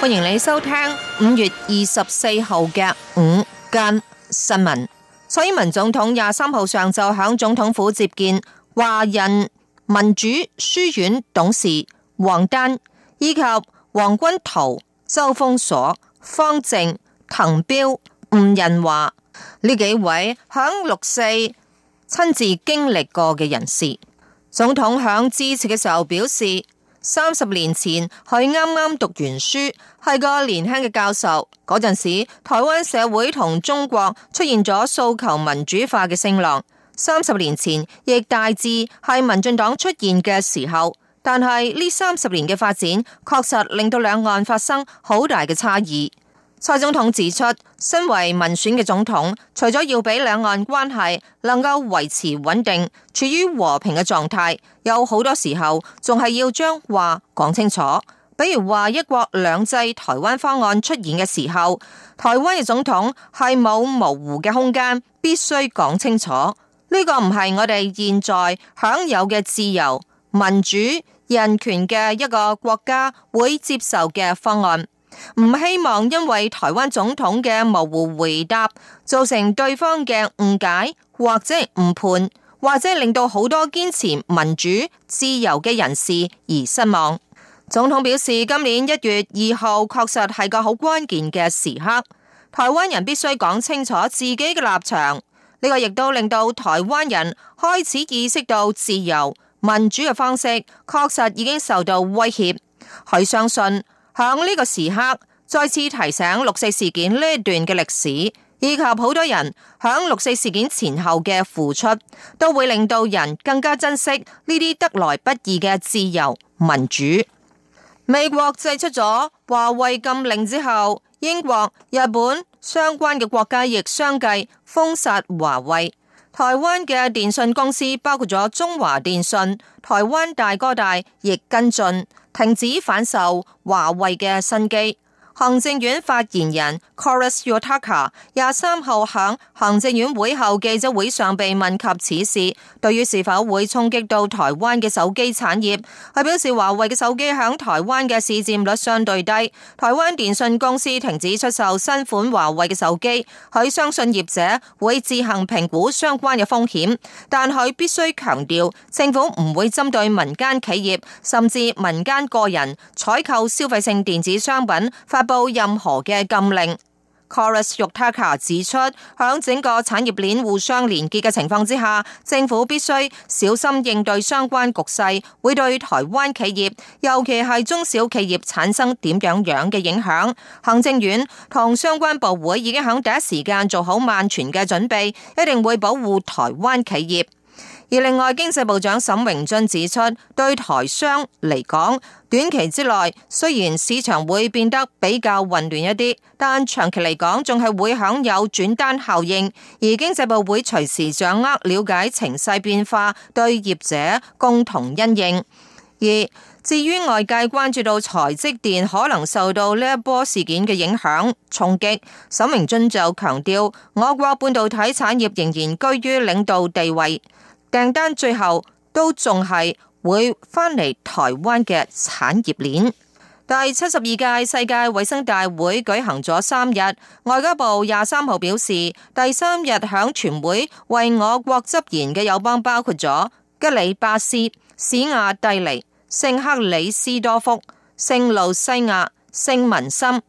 歡迎你收聽五月二十四號嘅午間新聞。蔡英文總統廿三號上晝喺總統府接見華人民主書院董事王丹，以及黃君陶、周鋒鎖、方政、滕彪、吳仁華呢幾位響六四親自經歷過嘅人士。總統響致辭嘅時候表示。三十年前，佢啱啱讀完書，係個年輕嘅教授。嗰陣時，台灣社會同中國出現咗訴求民主化嘅聲浪。三十年前，亦大致係民進黨出現嘅時候，但係呢三十年嘅發展，確實令到兩岸發生好大嘅差異。蔡總統指出，身為民選嘅總統，除咗要俾兩岸關係能夠維持穩定、處於和平嘅狀態，有好多時候仲係要將話講清楚。比如話一國兩制台灣方案出現嘅時候，台灣嘅總統係冇模糊嘅空間，必須講清楚。呢個唔係我哋現在享有嘅自由、民主、人權嘅一個國家會接受嘅方案。唔希望因為台灣總統嘅模糊回答造成對方嘅誤解或者誤判或者令到好多堅持民主自由嘅人士而失望。總統表示，今年一月二號確實係個好關鍵嘅時刻，台灣人必須講清楚自己嘅立場。呢、這個亦都令到台灣人開始意識到，自由民主嘅方式確實已經受到威脅。佢相信。響呢個時刻，再次提醒六四事件呢一段嘅歷史，以及好多人響六四事件前後嘅付出，都會令到人更加珍惜呢啲得來不易嘅自由民主。美國祭出咗華為禁令之後，英國、日本相關嘅國家亦相繼封殺華為。台灣嘅電信公司包括咗中華電信、台灣大哥大進，亦跟進停止反售華為嘅新機。行政院發言人 Kolas Yotaka 廿三號響行政院會後記者會上被問及此事，對於是否會衝擊到台灣嘅手機產業，佢表示華為嘅手機響台灣嘅市佔率相對低，台灣電信公司停止出售新款華為嘅手機，佢相信業者會自行評估相關嘅風險，但佢必須強調政府唔會針對民間企業甚至民間個人採購消費性電子商品發報任何嘅禁令，Kolas Yotaka 指出，響整個產業鏈互相連結嘅情況之下，政府必須小心應對相關局勢，會對台灣企業，尤其係中小企業產生點樣樣嘅影響。行政院同相關部會已經喺第一時間做好萬全嘅準備，一定會保護台灣企業。而另外，經濟部長沈榮津指出，對台商嚟講，短期之內雖然市場會變得比較混亂一啲，但長期嚟講仲係會享有轉單效應。而經濟部會隨時掌握了解情勢變化，對業者共同因應。而至於外界關注到台積電可能受到呢一波事件嘅影響衝擊，沈榮津就強調，我國半導體產業仍然居於領導地位。訂單最後都仲係會返嚟台灣嘅產業鏈。第七十二屆世界衛生大會舉行咗三日，外交部廿三號表示，第三日響全會為我國執言嘅友邦包括咗吉里巴斯、史亞蒂尼、聖克里斯多福、聖露西亞、聖文森、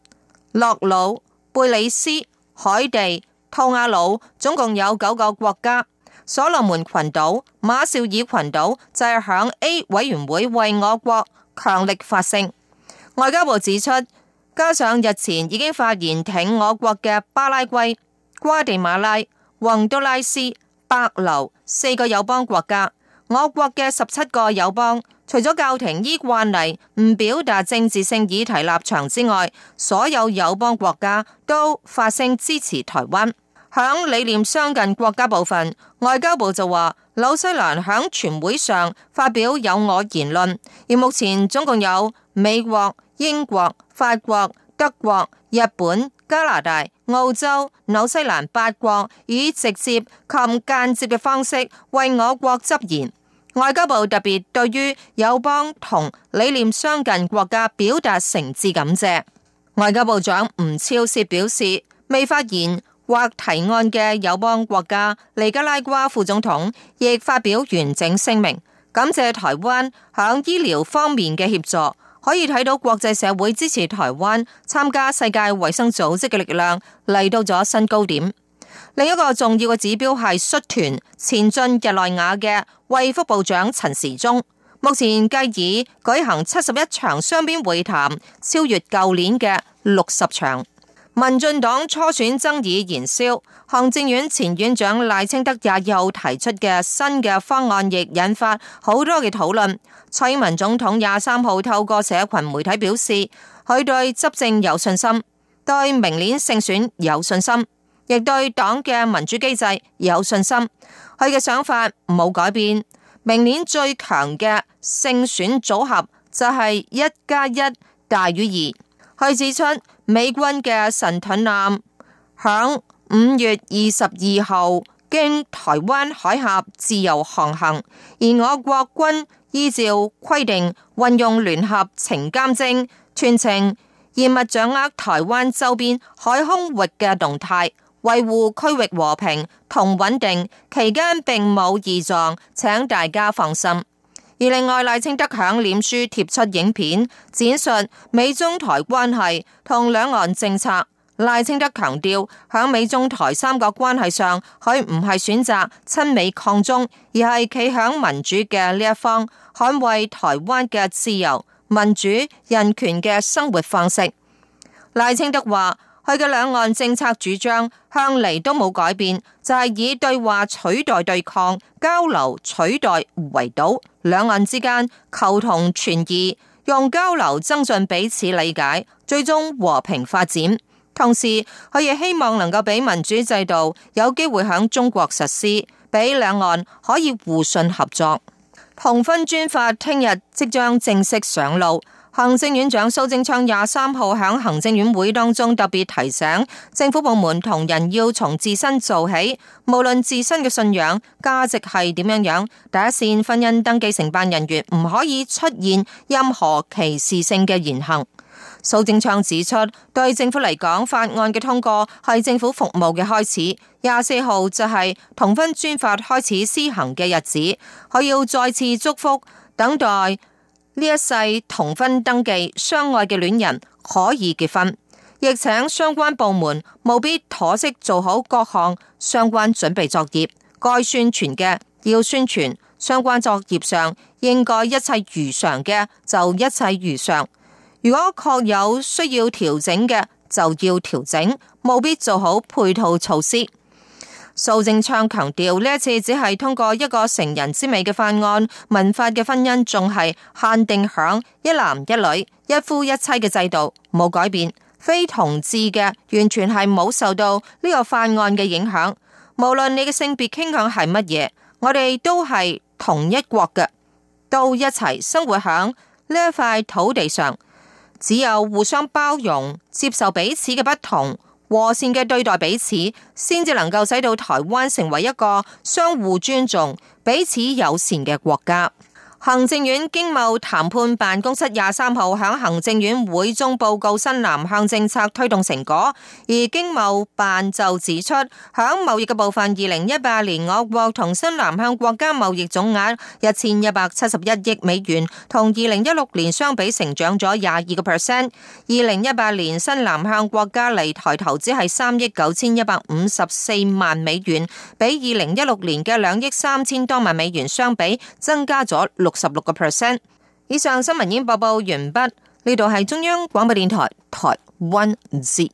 諾魯、貝里斯、海地、吐瓦魯，總共有九個國家。所羅門群島、馬紹爾群島就係響 A 委員會為我國強力發聲。外交部指出，加上日前已經發言挺我國嘅巴拉圭、瓜地馬拉、宏都拉斯、帛琉四個友邦國家，我國嘅十七個友邦，除咗教廷依慣例唔表達政治性議題立場之外，所有友邦國家都發聲支持台灣。響理念相近國家部分，外交部就話紐西蘭響全會上發表有我言論，而目前總共有美國、英國、法國、德國、日本、加拿大、澳洲、紐西蘭八國，以直接及間接嘅方式為我國執言。外交部特別對於友邦同理念相近國家表達誠摯感謝。外交部長吳釗燮表示未發言。獲提案嘅友邦國家尼加拉瓜副總統亦發表完整聲明，感謝台灣響醫療方面嘅協助，可以睇到國際社會支持台灣參加世界衛生組織嘅力量嚟到咗新高點。另一個重要嘅指標係率團前進日內瓦嘅衛福部長陳時中，目前繼已舉行七十一場雙邊會談，超越舊年嘅六十場。民進黨初選爭議延燒，行政院前院長賴清德廿二號提出嘅新嘅方案，亦引發好多嘅討論。蔡英文總統廿三號透過社群媒體表示，佢對執政有信心，對明年勝選有信心，亦對黨嘅民主機制有信心。佢嘅想法冇改變。明年最強嘅勝選組合就係一加一大於二。佢指出。美軍嘅神盾艦響五月二十二號經台灣海峽自由航行，而我國軍依照規定運用聯合情監偵全程嚴密掌握台灣周邊海空域嘅動態，維護區域和平同穩定。期間並冇異狀，請大家放心。而另外，賴清德響臉書貼出影片，展述美中台關係同兩岸政策。賴清德強調，響美中台三角關係上，佢唔係選擇親美抗中，而係企響民主嘅呢一方，捍衛台灣嘅自由、民主、人權嘅生活方式。賴清德話。佢嘅兩岸政策主張向嚟都冇改變，就係、是、以對話取代對抗，交流取代圍堵，兩岸之間求同存異，用交流增進彼此理解，最終和平發展。同時，佢亦希望能夠俾民主制度有機會響中國實施，俾兩岸可以互信合作。同婚專法聽日即將正式上路。行政院長蘇貞昌廿三號喺行政院會當中特別提醒政府部門同仁要從自身做起，無論自身嘅信仰、價值係點樣樣，第一線婚姻登記承辦人員唔可以出現任何歧視性嘅言行。蘇貞昌指出，對政府嚟講，法案嘅通過係政府服務嘅開始。廿四號就係同婚專法開始施行嘅日子，我要再次祝福等待。呢一世同婚登記相愛嘅戀人可以結婚，亦請相關部門務必妥適做好各項相關準備作業。該宣傳嘅要宣傳，相關作業上應該一切如常嘅就一切如常。如果確有需要調整嘅，就要調整，務必做好配套措施。蘇貞昌強調，呢一次只係通過一個成人之美嘅法案，民法嘅婚姻仲係限定響一男一女、一夫一妻嘅制度，冇改變。非同志嘅完全係冇受到呢個法案嘅影響。無論你嘅性別傾向係乜嘢，我哋都係同一國嘅，都一齊生活響呢一塊土地上，只有互相包容，接受彼此嘅不同。和善嘅對待彼此，先至能夠使到台灣成為一個相互尊重、彼此友善嘅國家。行政院經貿談判辦公室廿三號響行政院會中報告新南向政策推動成果，而經貿辦就指出，響貿易嘅部分，二零一八年我國同新南向國家貿易總額一千一百七十一億美元，同二零一六年相比成長咗廿二個 percent。二零一八年新南向國家嚟台投資係三億九千一百五十四萬美元，比二零一六年嘅兩億三千多萬美元相比，增加咗六。十六個 percent 以上。新聞已經播報完畢，呢度係中央廣播電台台灣之音。